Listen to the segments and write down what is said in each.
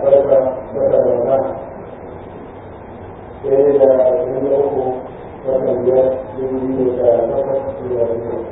albarka wata rana sai da wani uku watan biyar dubu biyu da takwas da biyu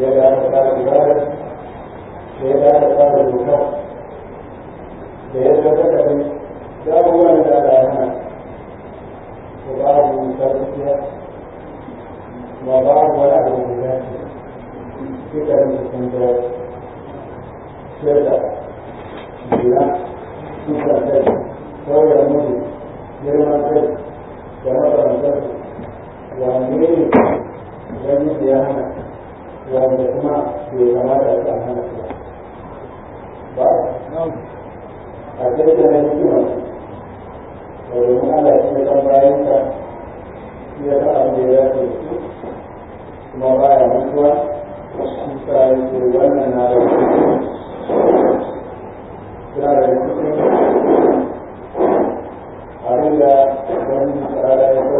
Yeah. wanda kuma bai kamata a hana su ba a tattara hikima da domin Allah shi ya bayan ka shi ya san abin ya baya mutuwa shi sa da da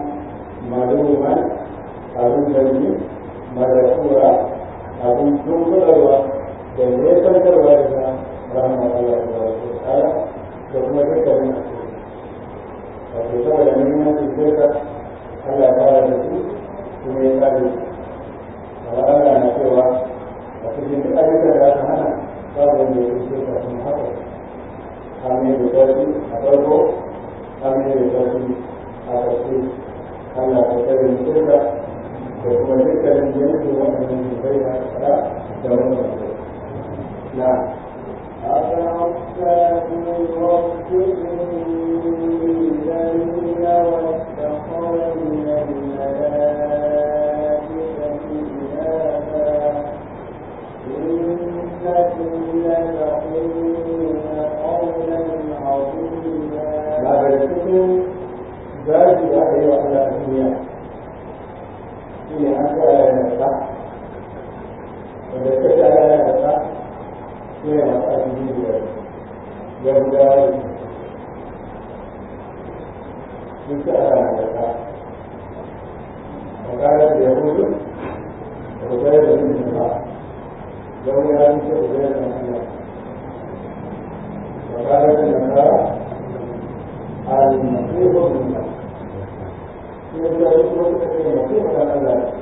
ඇති කරගන්න.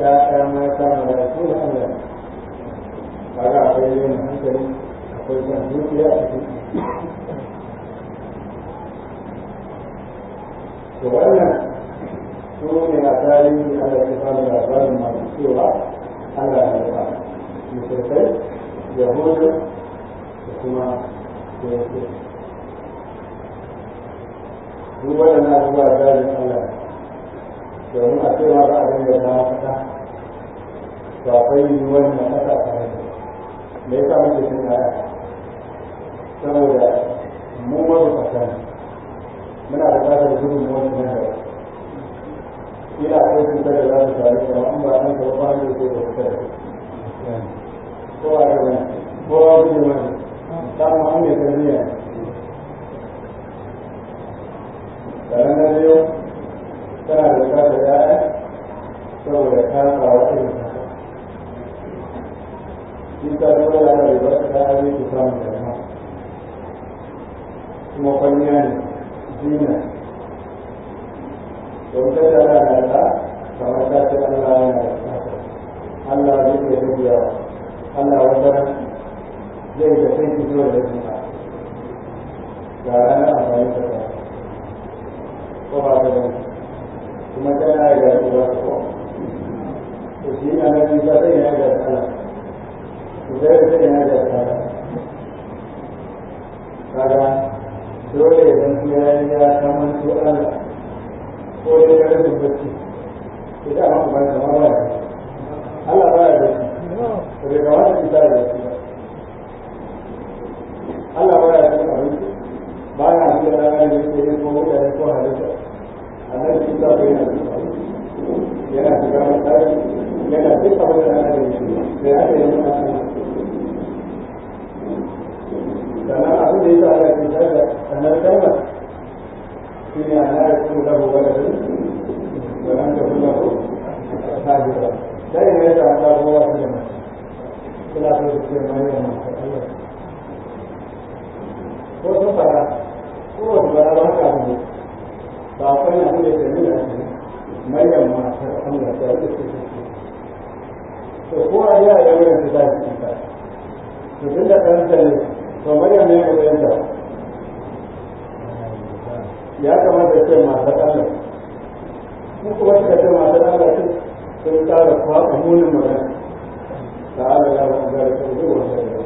ya'ya mata na da su da Allah kaga akwai yin hankali akwai san dukiya a cikin to wannan zai da da amfani da ta ko ba ta bane kuma ya ga ko to shi na da shi sai ya ga ta da sai ya ga ta kaga dole fi ya kaman su ko da shi ma kuma ba Allah ba ya Allah ba ya cin abinci ba ya ce da ya yi sai ko mutane ko halitta annabi shi ta bayyana yana shiga masallaci yana duk abin da ana yin shi sai aka yi masa sannan abin da yasa Allah ke tsaya annabi kalma shi ne ana ya kuma da gobe da shi da nan da kuma ko hajira sai ne ya ta Allah ko ya kuma suna so su ce mai da masa Allah ko fara ko wanda ya waka ne ba kai na da ke nuna ne mai da matar Allah ta yi su to ko a ya yi wannan da zai ta to din da kan ta ne to mai ne ko yanta ya kamata ce matar Allah ko kuma ta ce matar Allah ce sun tsara kuwa a munin magana ta'ala la wa zalika wa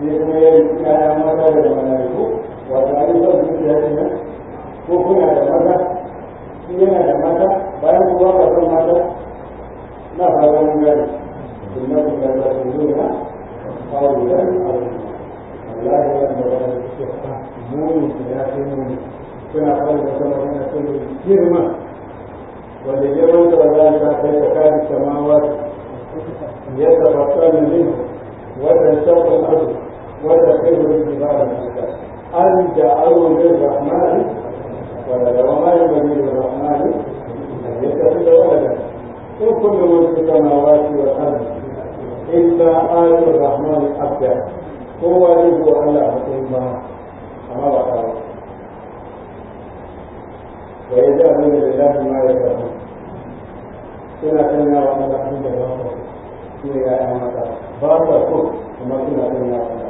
اثنين كان مثلا الملائكة وثالثا بجهتنا وكنا لمدى كنا لمدى بل وقف المدى نفر من ذلك إنكم لا تقولون قولا والله لما تستحمون تلاقينهم كنا قولا كما كنا كل كلمة ولجبل وذلك كان السماوات يتفطرن منه وتنشق الأرض وتخير الكبار المستقبل أن دعوا للرحمن ولد وما ينبغي للرحمن أن يتخذ ولدا إن كل من في السماوات والأرض إلا آل الرحمن عبدا هو رزق الله حكيما كما وقال ويجعلون لله ما يكرهون suna sanya wa Allah inda ba su ne ya yi mata ba sa so kuma suna sanya wa Allah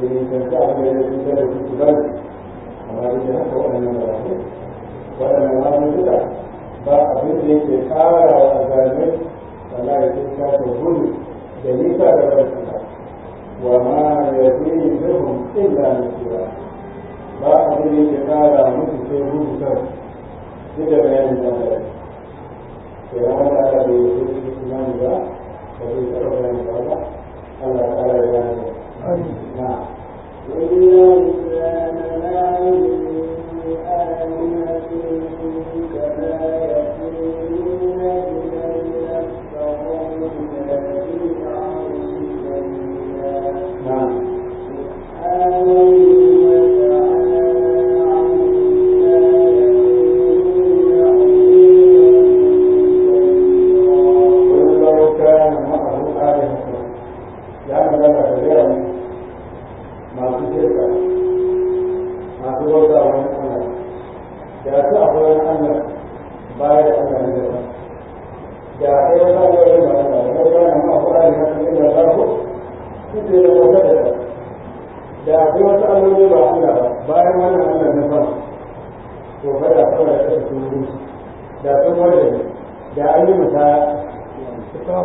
تنتهي إلى الكتاب في البلد وما بينها هو أن المراحل وأن المراحل كده بقى بيدي في الحارة وأزامل فلا يتلك تقول جليسة لبلدنا وما يزيد منهم إلا نسيرا بقى بيدي في الحارة مثل سيقول سبب كده بيان الأمر على بيدي الإسلام ده وبيدي الله الله تعالى يبارك وإلى الإسلام لا يجري آمنة kyauta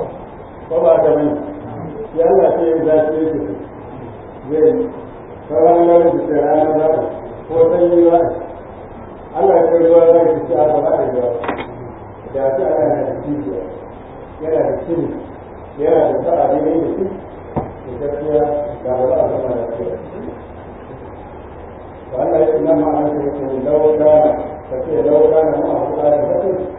ko ba ka bane shi Allah sai ya zace shi zai sauran garin su sai ranar za ta ko ba Allah ya kai ba za ki ba da ruwa da su ana da cibiya yana da cini yana da sa'a da yi da shi da da ba a zama da shi وأن ta أنت لو كان فكيف لو كان معه آلهة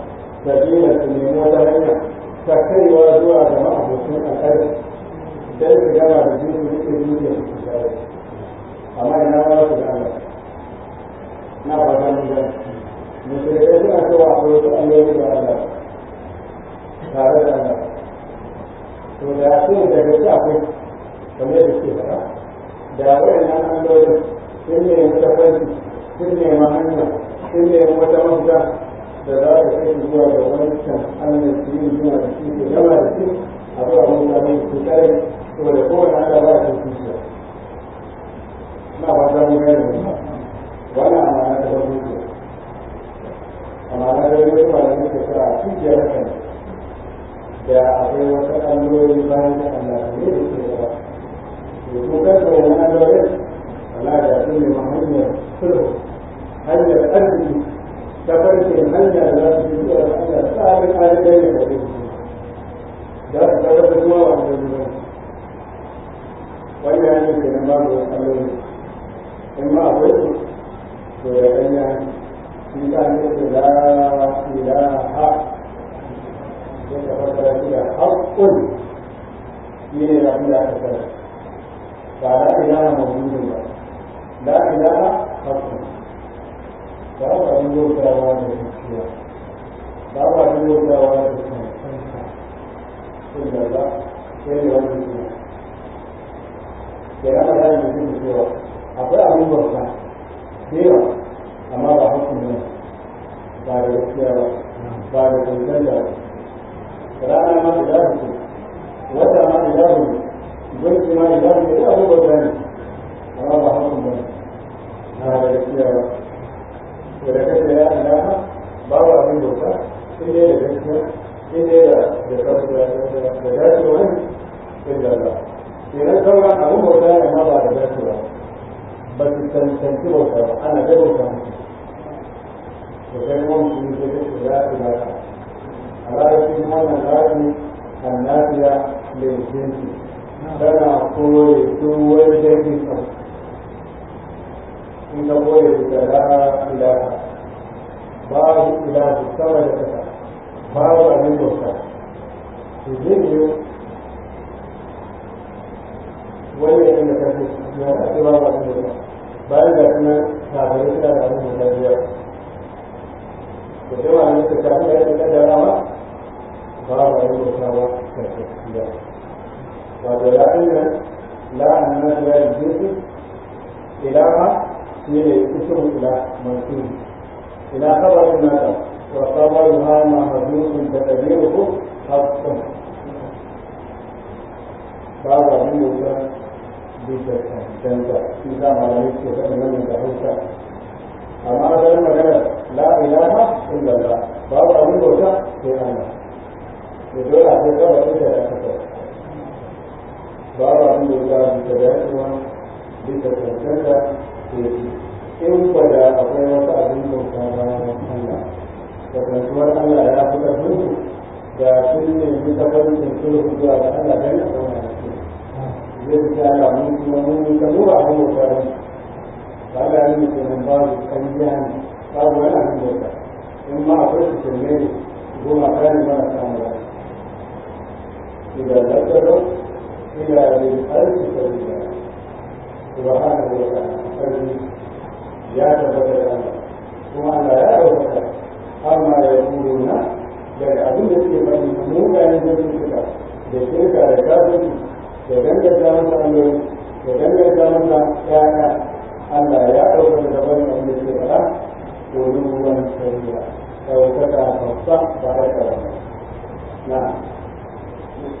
sabila su nemo ta hanya ta kaiwa zuwa ga ma'abocin al'adar sai su gama da jini da ke duniya su ke shayar amma ina ba su da Allah na fata mu ga musulmai suna cewa a wasu alloli da Allah tare da Allah to da ya ce da gaske akwai kamar yadda suke fara da wayannan allolin sun ne tafarki sun ne mahanya sun ne together بنام بند to dole a sai kawai sun da aka sa babu abin da ya ga da dacewa bisa cancanta da ya in ba da akwai wasu abin bauta bayan Allah kasantuwar Allah ya fi ƙarfin su da ta nemi tafarkin sulhu zuwa ga Allah dan a zauna da su zai fi ta Allah mun kuma mun yi ta nuna abin bauta ne ba da yin ke nan babu ƙarfiya ne babu wani abin bauta in ma akwai su ne goma kare marasa إذا نزلوا إلى من ألف سبيلا سبحانه وتعالى فلي يا ثم أنا يا تبدا أما يقولون daga abin da suke faɗi mugayen zurfinka da shirka da kafin da danganta masa alloli da danganta masa ƴaƴa Allah ya ɗauka da barin abin da suke faɗa domin ruwan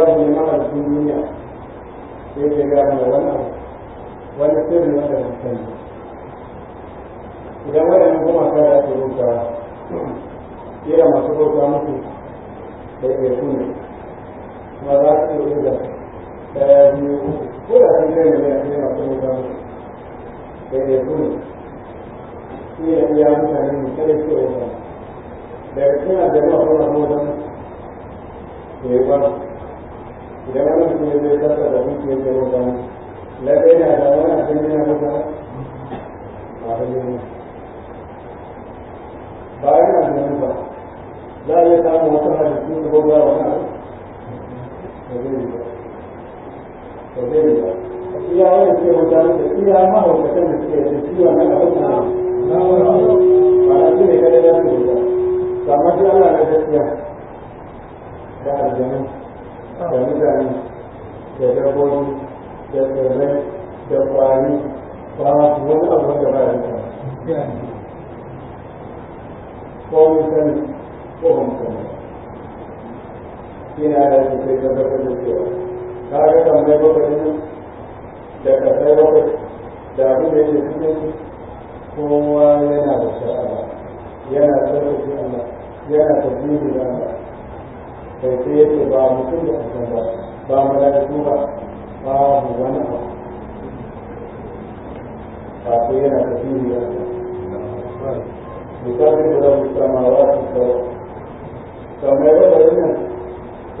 yawan neman duniya sai ta gane wani cewa ka ga kamar da kasai bakwai da abin da yake cikin su kowa yana da sha'awa yana tsarkake Allah yana tabbini da Allah sai sai yake ba mutum da kusan ba ba mala'iku ba ba mu wani abu ba sai yana tabbini da Allah mutane da zama samawa su kawo kamar bakwai nan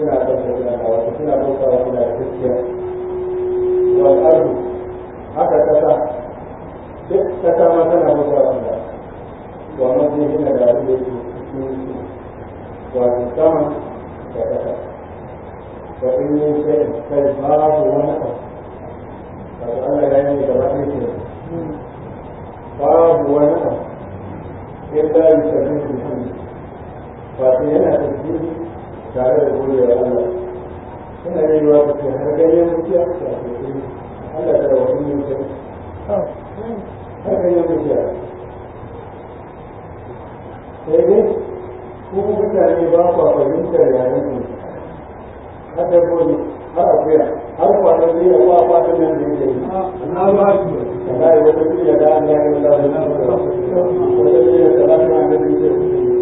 suna bauta suna da wasu suna bauta suna da gaskiya wal ardu haka kasa duk kasa ma tana bauta wa Allah wa mafi yana da abin da yake cikin su wato sama da kasa wa in yi shayin kai babu wani abu wato Allah ya yi gaba ɗaya ke babu wani abu illa yi sabbin su hannu wato yana tasbihi tare da gode wa Allah suna da yiwa kai har mutiya ta Allah har mutiya sai dai mutane ba fahimtar har da gode har a fatan nan da yake yi na ba wata da yi da wata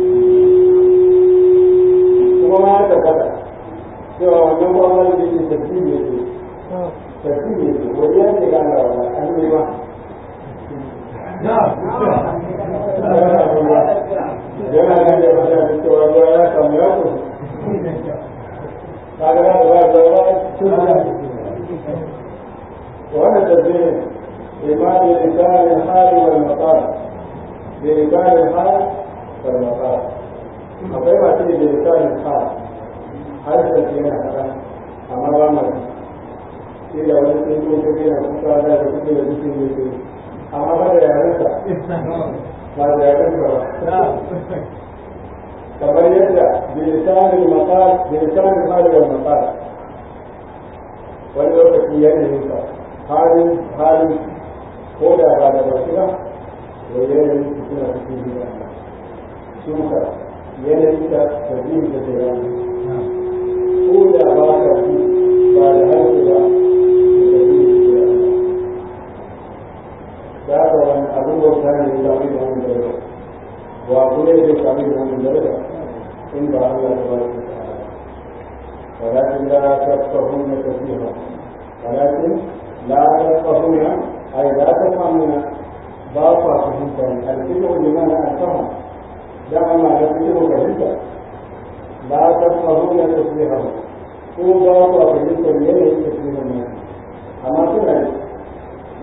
wannan ba ku fahimta ne alfiqhu liman al-faham dan Allah ya fiqhu fahimta la tafahuna tasbihahu ko ba ku fahimta ne ne tasbihu ne amma kuna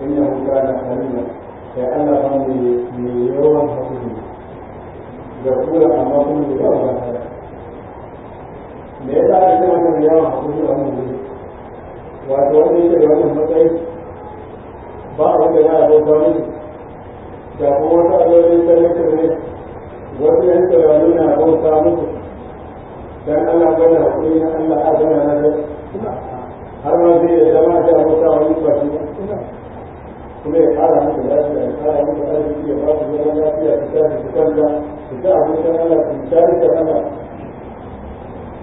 inna hu kana halima sai Allah ba mu ne yawan hakuri da kula amma kun da ba me yasa ake kuma yawan hakuri wannan wato wani yake da wannan matsayi ba a wanda na abin wani da kuma wasu abin sarrafa ne wasu yan tsarani na abin samu dan ana gana kuɗi na Allah a gana na da har ma zai ya zama da abin sa wani kwashi kuma ya fara musu lafiya ya fara musu arziki ya ba su zaman lafiya su ta su da, su ta abin sa Allah su ta rika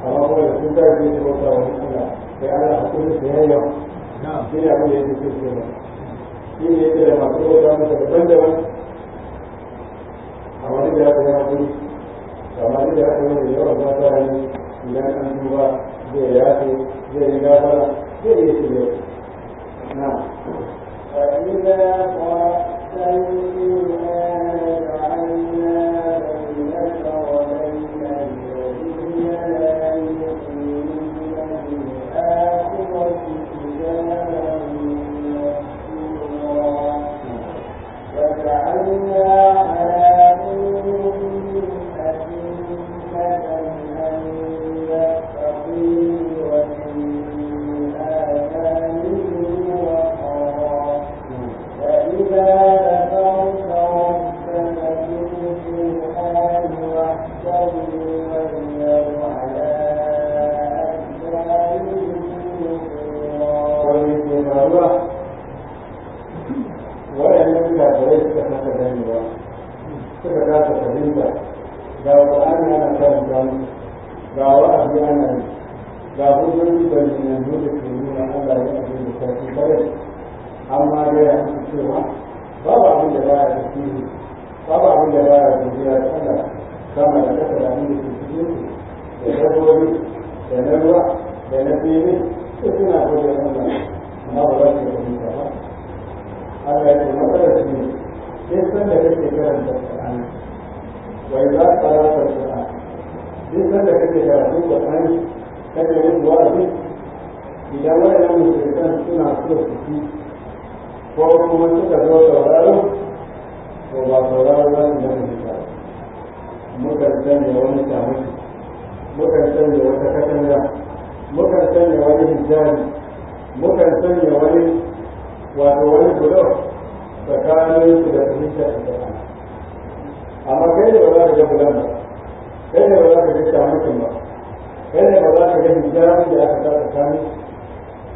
Allah amma kuma da sun ta rike su bauta wani Allah sai Allah hakuri su yayyawa shi ne abin da ya fi shi ne yake da masu bauta daban-daban a wani da yi hakuri amma duk da aka da yawan mata ne idan an duba zai yafe zai yi gafara zai yi shi ne na فإذا mukan sanya wani shamaki mukan sanya wata katanga mukan sanya wani hijabi mukan sanya wani wato wani bulok tsakanin su da fahimtar alƙur'ani amma kai ne ba za ka ga bulan ba kai ne ba za ka ga shamakin ba kai ne ba za ka ga hijabin da aka sa tsakanin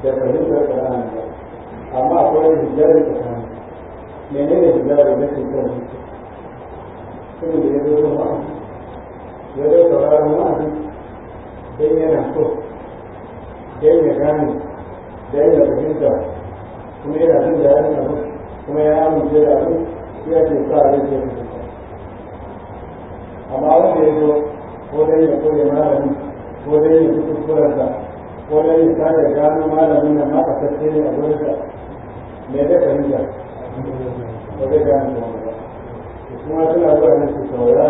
da fahimtar alƙur'ani ba amma akwai hijabi tsakanin menene hijabi na cikin kan zuciya 这个也就是说。ఏదో చదవడమో అది దైన్య నష్టో దైన్య కానీ దైన్య గ్రహించాలి तुम्हें अभी जारी करूँ तुम्हें यहाँ मुझे लागू यह चिंता आगे चल हमारे देश को बोले को लेना रही बोले कुछ को रहता बोले इसका ज्ञान हमारा रही हमारा मेरे कहीं जा मेरे होगा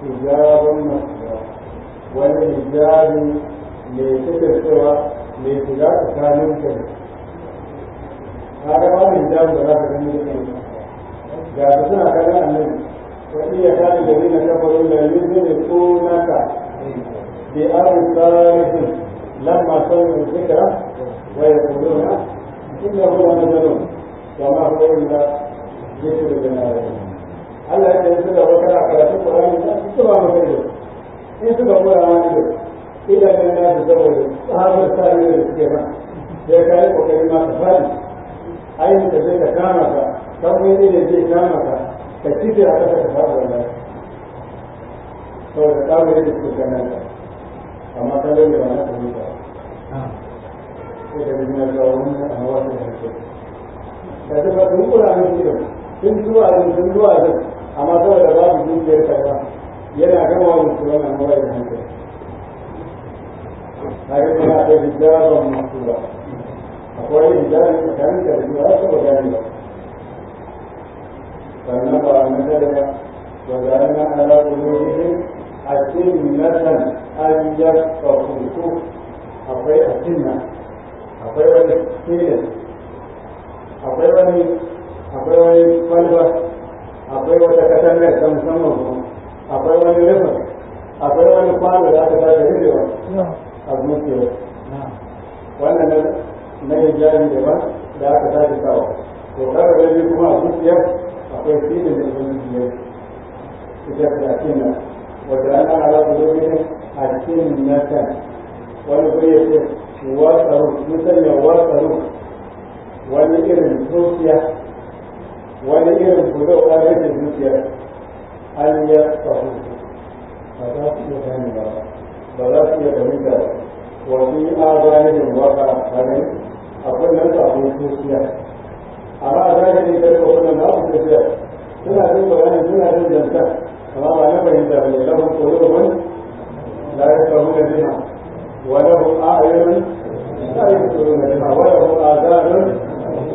hijabun masjida wani hijabi mai fitarwa mai shiga tsakanin ka kaga ba mai da za ka gani da kanka ga su suna kallon annabi wa iya kare da rina kafarin da yanzu ne ko naka bi abu tsarihin lamma sauran zikira wa ya inda kuma na zanon kama ko illa ذكر الجنازة Allah ya yi da wata a karatu Qur'ani ta su ba mu kai in suka fara wani da ila da na da saboda sahabar sai ne suke ma sai kai kokari ma ta fadi ai ka sai ka kama ka dan wani ne zai kama ka ka cike a kasa ka fara wannan saboda ta wuri da suke kana ka amma kallon da na ta mutu sai da na ga wani a wata da ke da ta ba duk Qur'ani ne tun zuwa da zuwa amma kawai da babu dukiyar kaza yana gama wa musulman a mara da hankali a yi kuma da hijaban musulma akwai hijaban tsakanin da biyu har saba gani ba sannan ba na dalaya wa zalina ala qulubihim akinnatan an yafqahu akwai akinna akwai wani akwai wani akwai wani kwalba akwai wata katanga ta musamman akwai wani rufin akwai wani kwano da aka fara rufewa a wannan na hijabi da ba da aka da sawa to kada da kuma a mutuwa akwai filin da ibn biyar ita ta kina wanda ana alaƙa lokacin a cikin nata wani bai ya ce wasaru sun sanya wasaru wani irin tsofiya wani irin gudu kwanar da zuciya an yi ya fahu ba za su iya gani ba ba za su iya gani da wani azanin waka hannun akwai nan sabon zuciya amma a zahiri da ko wannan na su zuciya? suna jin bayanin suna jin janta amma ba na fahimta ne lahun koyarwan la ya fahu da jima wa lahun a'ayyarun la ya fahu da jima wa lahun azanin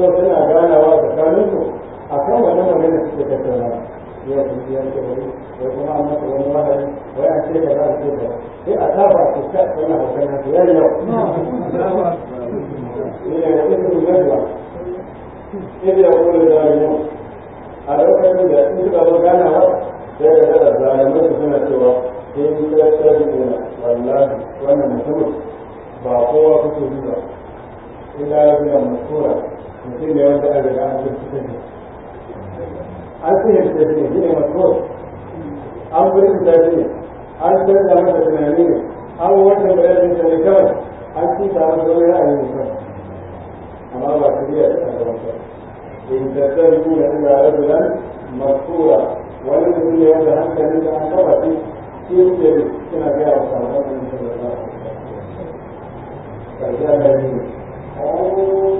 kuma suna ganawa tsakanin su a kan wani magana suke tattauna ya tafi ya ce wani ko kuma an masa wani magani wai an ce da za a ce da sai a saba su ta tana magana su yayi yau ne da irin yadda idan ya kula da yau a lokacin da in suka zo ganawa sai da da zalimai su suna cewa sai in ya tafi ne wallahi wannan mutumin ba kowa kuke yi ba illa ya bi da mutura mutum ne wanda an riga an cikin an sihirce shi ne shi ne masu an wurin da shi ne an canza masa tunani ne an wanda bayanin da ne kawai an ci ta wani wani ra'ayi ne kawai amma ba su riya da kan wata in da zai yi da ina rajulan masura wani mutum ne wanda hankalin da an taba shi shi ne suna gaya wa sabon da ne kawai ba su riya da ne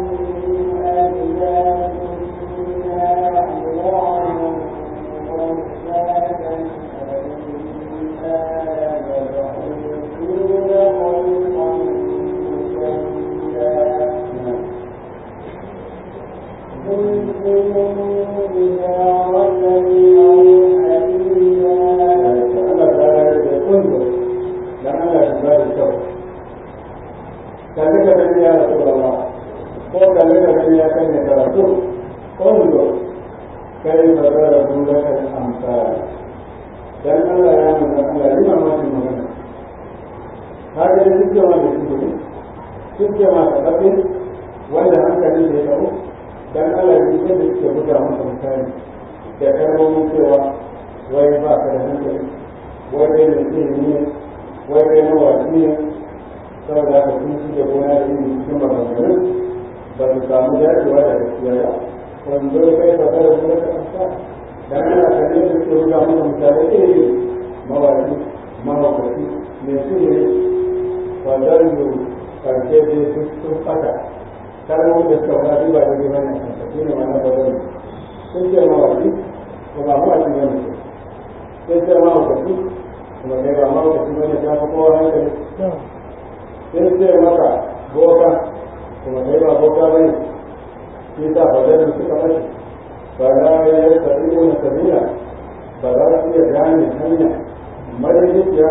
zuciya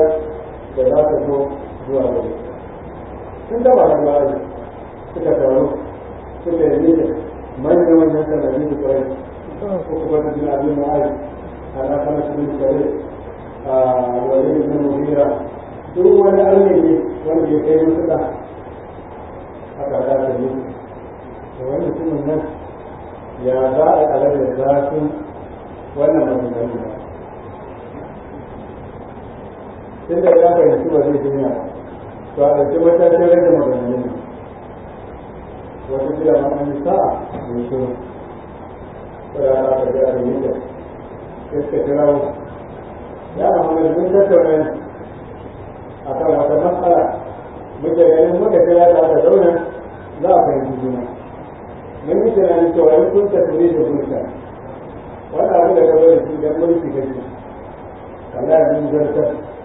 da za ta zo zuwa da ita sun taba nan bayan suka taru suka yi nita manyan manyan sanadi da kwarai ko kuma ta jina abin ma'ari a na kana su bin tare a wani ibn hira duk wani arne ne wanda ya kai da aka ta ta yi da wani mutumin nan ya za a kalar da zafin wannan mutumin nan tun da ya fahimci ba zai duniya to a ɗauki matakin rage ne. wata kila ma an yi sa'a mai shiru tsara ta ka ji a rubuta iska kirawo ya na maganganun tattauna a kan wata matsala muke ganin muka kira ta da zauna za a fahimci juna mun yi tunanin cewa yi kun tafi da mulka Wannan abu da ka zo da shi don mulki gaji Allah ya zama zartar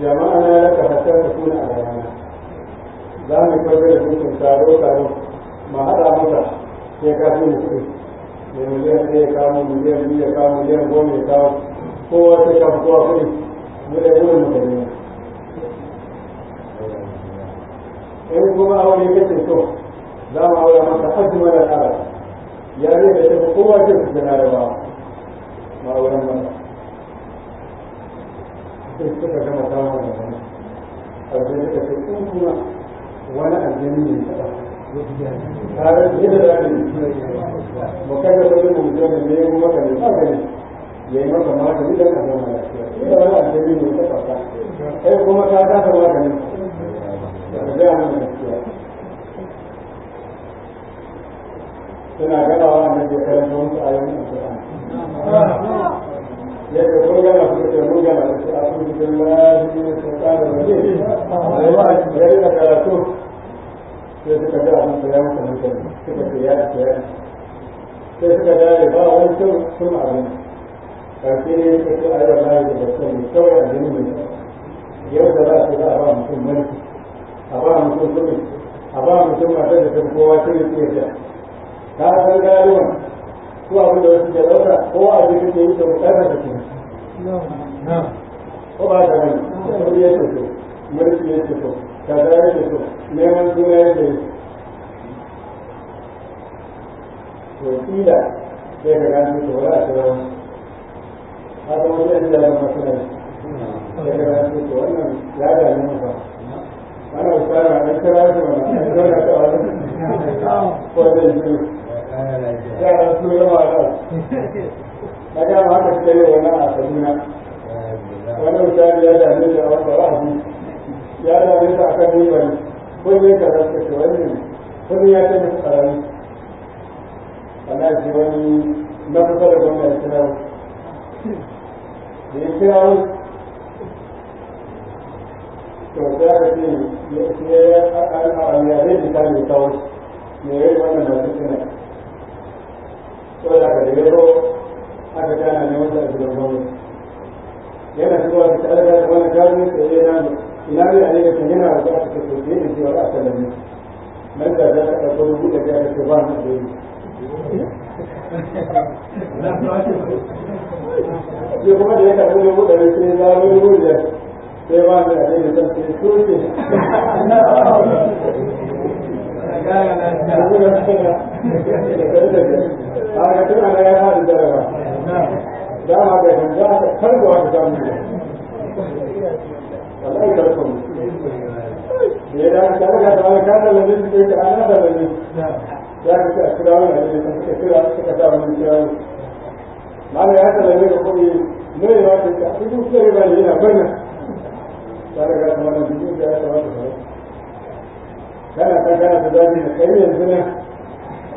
jama'a na laka hatta ta kuna a bayana za mu kwaga da dukkan taro taro ma haɗa maka sai ka fi mu da miliyan ɗaya ya kawo miliyan biyu ya kawo miliyan goma ya kawo kowa ta shafi kowa kuɗi mu da yawan mu da yawa in kuma aure kake so za mu aure maka azumar al'ara ya zai da shafi kowa ce su da larabawa ma auren maka sai suka gama kawo da wani aljani da sai kun kuma wani aljani ne taɓa tare da yadda mu kai da da gani yi ka kuma maganin gaya suna ganawa a بالله من الشيطان الرجيم الوقت جرينا ثلاثون sai suka ga abin da ya mutu hankali suka ce ya ce ya sai suka gane ba wani kyau sun abin ƙarfi ne suka ce a yau layi da bakin mai kyau a jini mai yau da za a ce za a ba mutum mulki a ba mutum kuɗi a ba mutum matar da tafi kowa shi ne ke da ta san galiban ko abin da wasu ke ɗauka kowa a jikin da yi da bukatar da ke ko ba da nan sauri yake so mulki yake so kaza yake so neman suna yake to kila sai ka gano to wala ta ha da wani da da masu ne sai ka gano to wannan ya ga nan ba ana tsara an kira shi wannan an zauna ta wani ko da shi ya rasu yawa da kaga ma ka tsaye wannan a Kaduna wani misali ya dame shi a wata rahabi ya dame shi a kan mimbari kun yi ka zaska ce wani kun ya ce musu karami Allah shi wani na kusa da gwamnati kira da ya kira wani to da ka ce ya ya ya zai jika mai kawo ne ya yi wannan masu suna saboda ka da yaro aka gana ne wanda a gidan gwamnati yana shigowa ka tsara da wani gani da ya yana ina ne a yadda yana da aka ka soke da shi wani aka lalle nan da za ka ɗauko rubu da gani ko ba na da yi ya kuma da ya karɓi rubu da ya sai ya yi rubu da sai ba da ya yi zan sai soke a ga tun ana ya haɗu jarabawa dama da ganga da karga wata zamu da wallahi karko ne ya da ka ga da ka da lalin da ka ana da lalin ya ka ka kira wannan da ka kira ka ta mun kira mala ya ta lalin da kudi ne ya ta ka idan sai ba yana barna ka ga kuma nan da ya ta wata kana ta kana da zabi ne kai yanzu ne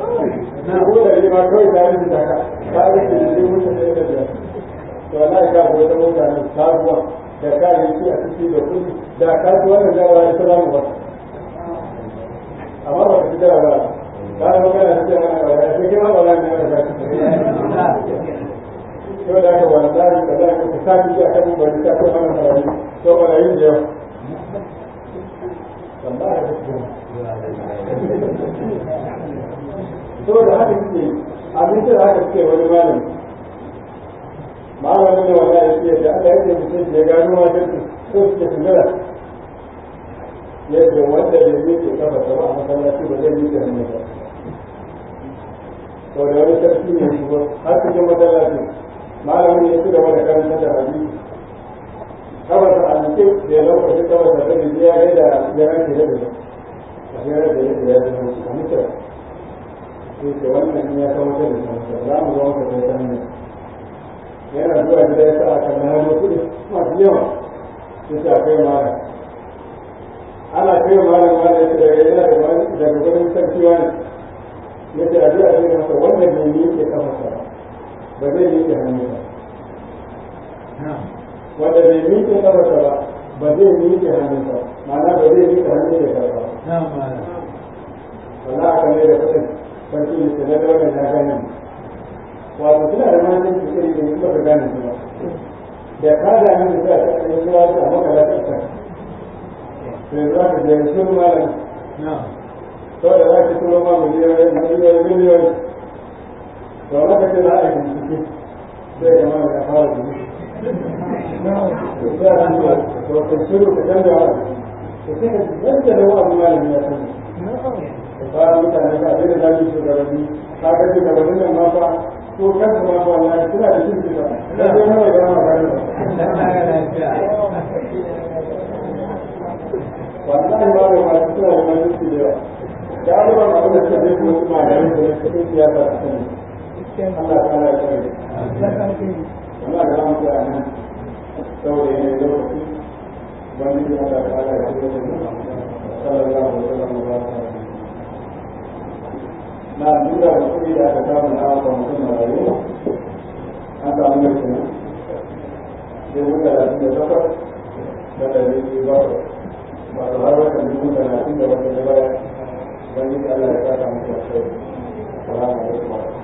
shi da ma kawai ta rufe ta ba ta da mutum da ya gaza to wallahi ya ko ta mota nan sabuwa da shi a ciki da kudi da kasuwa da dawa ya salamu ba amma ba ka ci da ba ta yi magana da cewa na kawai ya ke ma ba za mu yi ko da ka wallahi ka za ka sa ki a kan bari ta ko an rayu to ba yin da yau saboda haka suke abincin haka suke wani malam malamin da wani ya suke da aka yadda mutum ya gano wajen su suke tunara yadda wanda da zai ke kafa sama a masallaci ba zai yi da ba to da wani sarki ne shi ba har cikin masallaci malamin ya ci gaba da karanta da hadisi kawai ta alike da ya lokacin kawai ta zai ya yi da ya rage da ya a shi rage da ya zama a mutum sai ta wannan ya kawo da kansa za mu zo ka ta hanya yana zuwa gida ya sa aka na yaro kudi masu yawa sai ta kai mara ana kai mara mara ya da yana da mara da gabanin sarki wani ya ce a zuwa kai masa wannan ne ne yake kafa ba zai yake hannu ba wanda bai miƙe kafa ba ba zai miƙe hannu ba ma'ana ba zai miƙe hannu da kafa ba za a kamar da don su ne su ga dole na gane wato suna da mahimmanci su ne da kuma ka gane su ba da ka gane su za ka ɗaya zuwa su a maka lafiya to yanzu za ka je su malam to da za ka turo ma miliyoyi miliyoyi miliyoyi to maka ce za a yi bincike sai da mana ya fara bincike to sai su ka canja wa to sai ka zanta da wa abu malam ya sani bayan mutane ga zai da zafi shugabanni ka ga shugabannin nan ma fa ko kan ma fa wallahi kira da shi ba dan dai nawa ga ma ba. wallahi ba da ma suna da majalisi da yawa da alba ma da shi ne kuma kuma da yin da shi ya ta sani Allah ta ya tsare Allah ga mu ta nan saboda ne lokaci wani da Allah ta ya tsare sallallahu alaihi wa sallam na duba da kuɗi da aka samu na aka mutum na rayu an samu da shi sai mun talatin da takwas da ɗari ba ba su har wata dubu talatin da wata da baya wani Allah ya sa ba za shi. Salamu ba.